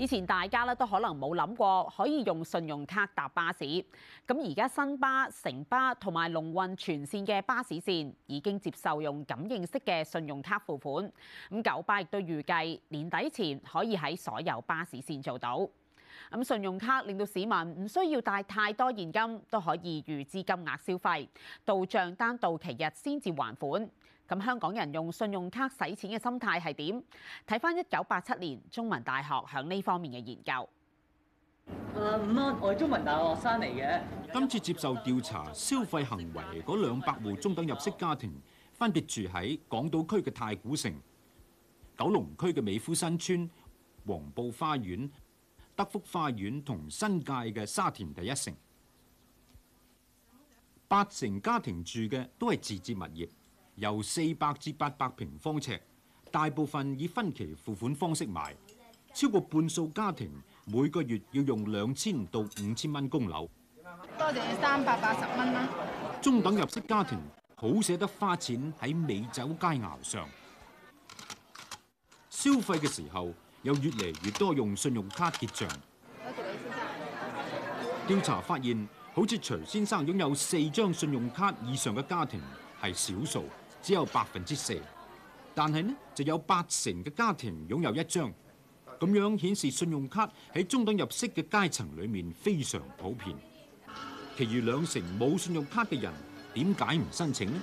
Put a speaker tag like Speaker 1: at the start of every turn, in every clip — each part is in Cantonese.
Speaker 1: 以前大家咧都可能冇諗過可以用信用卡搭巴士，咁而家新巴、城巴同埋龍運全線嘅巴士線已經接受用感應式嘅信用卡付款，咁九巴亦都預計年底前可以喺所有巴士線做到。咁信用卡令到市民唔需要帶太多現金都可以預支金額消費，到賬單到期日先至還款。咁香港人用信用卡使錢嘅心態係點？睇翻一九八七年中文大學響呢方面嘅研究。我係中文大學生嚟嘅。
Speaker 2: 今次接受調查消費行為嗰兩百戶中等入息家庭，分別住喺港島區嘅太古城、九龍區嘅美孚新村、黃埔花園、德福花園同新界嘅沙田第一城。八成家庭住嘅都係自置物業。由四百至八百平方尺，大部分以分期付款方式買，超過半數家庭每個月要用兩千到五千蚊供樓。
Speaker 1: 多謝三百八十蚊啦。
Speaker 2: 中等入息家庭好捨得花錢喺美酒佳肴上，消費嘅時候有越嚟越多用信用卡結賬。多謝李先生。調查發現，好似徐先生擁有四張信用卡以上嘅家庭係少數。只有百分之四，但係呢就有八成嘅家庭擁有一張，咁樣顯示信用卡喺中等入息嘅階層裡面非常普遍。其餘兩成冇信用卡嘅人，點解唔申請呢？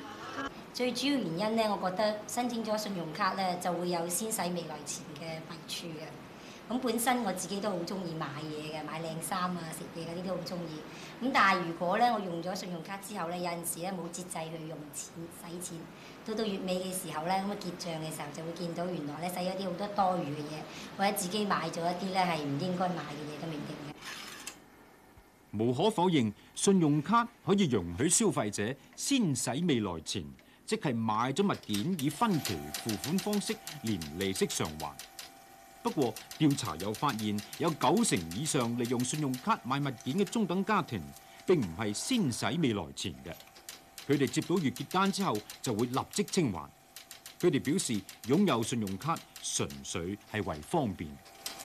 Speaker 3: 最主要原因呢，我覺得申請咗信用卡呢就會有先使未來錢嘅弊處嘅。咁本身我自己都好中意買嘢嘅，買靚衫啊、食嘢嗰啲都好中意。咁但係如果咧，我用咗信用卡之後咧，有陣時咧冇節制去用錢、使錢，到到月尾嘅時候咧，咁啊結賬嘅時候就會見到原來咧使咗啲好多多餘嘅嘢，或者自己買咗一啲咧係唔應該買嘅嘢都未定嘅。
Speaker 2: 無可否認，信用卡可以容許消費者先使未來錢，即係買咗物件以分期付款方式連利息償還。不過調查又發現，有九成以上利用信用卡買物件嘅中等家庭，並唔係先使未來錢嘅。佢哋接到月結單之後，就會立即清還。佢哋表示擁有信用卡純粹係為方便。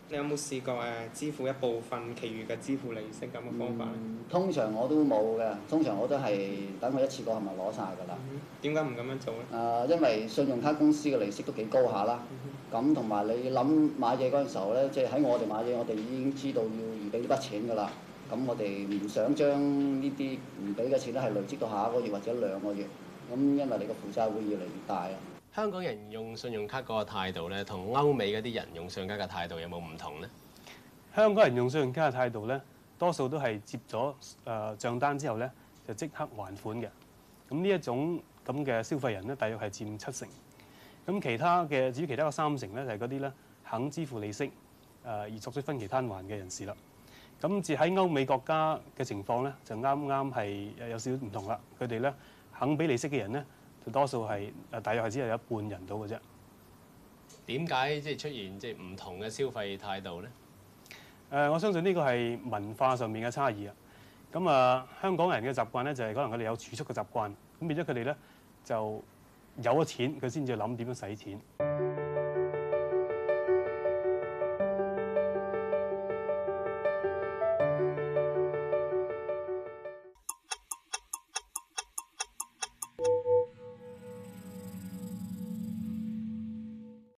Speaker 4: 你有冇試過誒，支付一部分，其餘嘅支付利息咁嘅方法？
Speaker 1: 通常我都冇嘅，通常我都係等我一次過係咪攞晒噶啦？
Speaker 4: 點解唔咁樣做呢？
Speaker 1: 誒、呃，因為信用卡公司嘅利息都幾高下啦。 咁同埋你諗買嘢嗰陣時候咧，即係喺我哋買嘢，我哋已經知道要唔俾呢筆錢噶啦。咁我哋唔想將呢啲唔俾嘅錢咧，係累積到下一個月或者兩個月。咁因為你個負債會越嚟越大啦。
Speaker 2: 香港人用信用卡嗰個態度咧，同歐美嗰啲人用信用卡嘅態度有冇唔同咧？
Speaker 4: 香港人用信用卡嘅態度咧，多數都係接咗誒、呃、帳單之後咧，就即刻還款嘅。咁呢一種咁嘅消費人咧，大約係佔七成。咁其他嘅，至於其他嘅三成咧，就係嗰啲咧肯支付利息誒、呃、而作出分期攤還嘅人士啦。咁至於喺歐美國家嘅情況咧，就啱啱係有少少唔同啦。佢哋咧肯俾利息嘅人咧，就多數係誒，大約係只係有一半人到嘅啫。
Speaker 2: 點解即係出現即係唔同嘅消費態度咧？
Speaker 4: 誒、呃，我相信呢個係文化上面嘅差異啊。咁、嗯、啊、呃，香港人嘅習慣咧就係、是、可能佢哋有儲蓄嘅習慣，咁變咗佢哋咧就。有咗錢，佢先至諗點樣使錢。